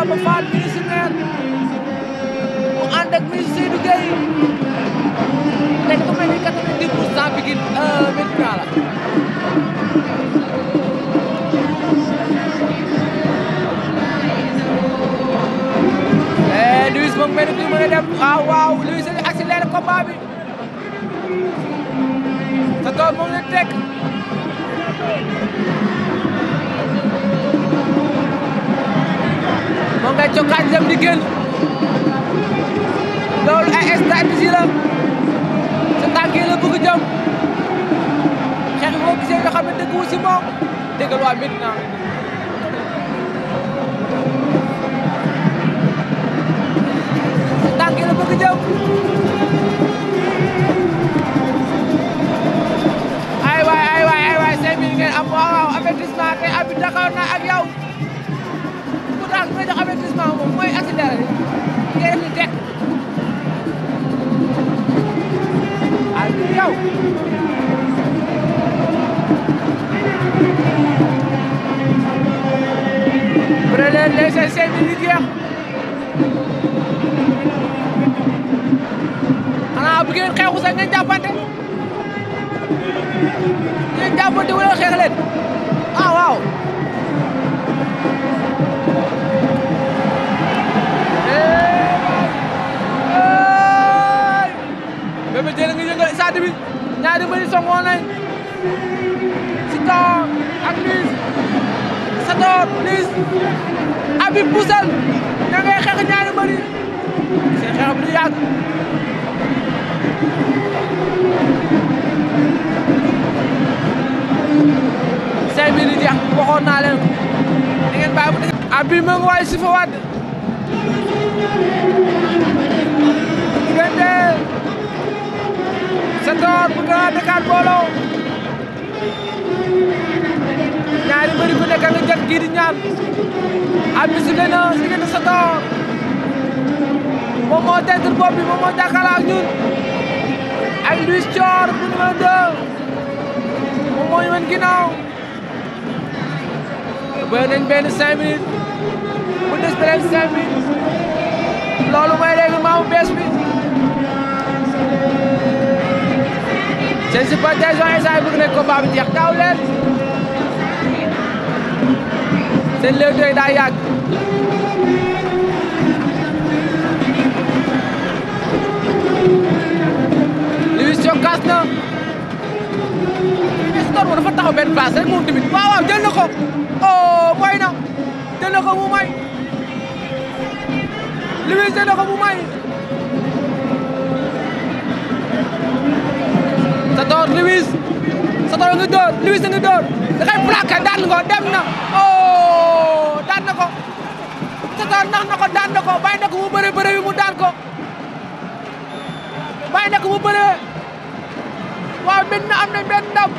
Bamba Fall ministre maire mu ànd ak ministre Seydou Gueye te ku mel ni 90 pour cent bi Pikine euh, Médina la eh, Luis moom mel ni mën a dem ah, waaw waaw Luis accéléré combat bi sa tool moom la teg kokaaj cokaaj dem di ay stratégie la sa tànk yi la bëgg jëm xeex boo gisee nga xam ne dëgg wu si moom dëggal waa Médina sa ndeysaan seen bi ñu jeex xanaa bu ngeen xeexu sax ngeen jàppante ngeen jàppante xeex leen ah, waaw waaw Bébé Diène nga yëngal stade bi ñaari mbëri songoon nañ Siteu ak Liss Siteu Liss bi puusal da ngay xeex ñaari mbër yi seen xeex bi du yàgg cinq minutes jeex waxoon naa leen da ngeen bàyyi bu dëgg ab bi mu ngi waay si fa wàdd diggante Sitor bu Grand Dakar Mbollo ñaari mbër yi ku nekk nga jot kii di ñaan arbitre sifflé na Sigiri Socor moom moo teetul bopp bi moom moo jàkkaarloo ak ñun ak Luis bu numéro 2 moom moo ñu wan ginnaaw bëri nañ benn cinq minutes des beneen cinq loolu mooy règlement bu bees bi seen supporters yi ay ko combat bi jeex daaw leen seen léeg Liss jokkaas na Liss Ndiol dafa taxaw benn place rek moom tamit waaw waaw jël na ko oh mooy na jël na ko mu may Liss jël na ko mu may. Sator Liss Sator door Liss nga door dafay plaqué dem na oh. Sarr nax na daan na ko bàyyi na mu bëre mu daan ko bàyyi na mu bëre waaw mën na am na ndam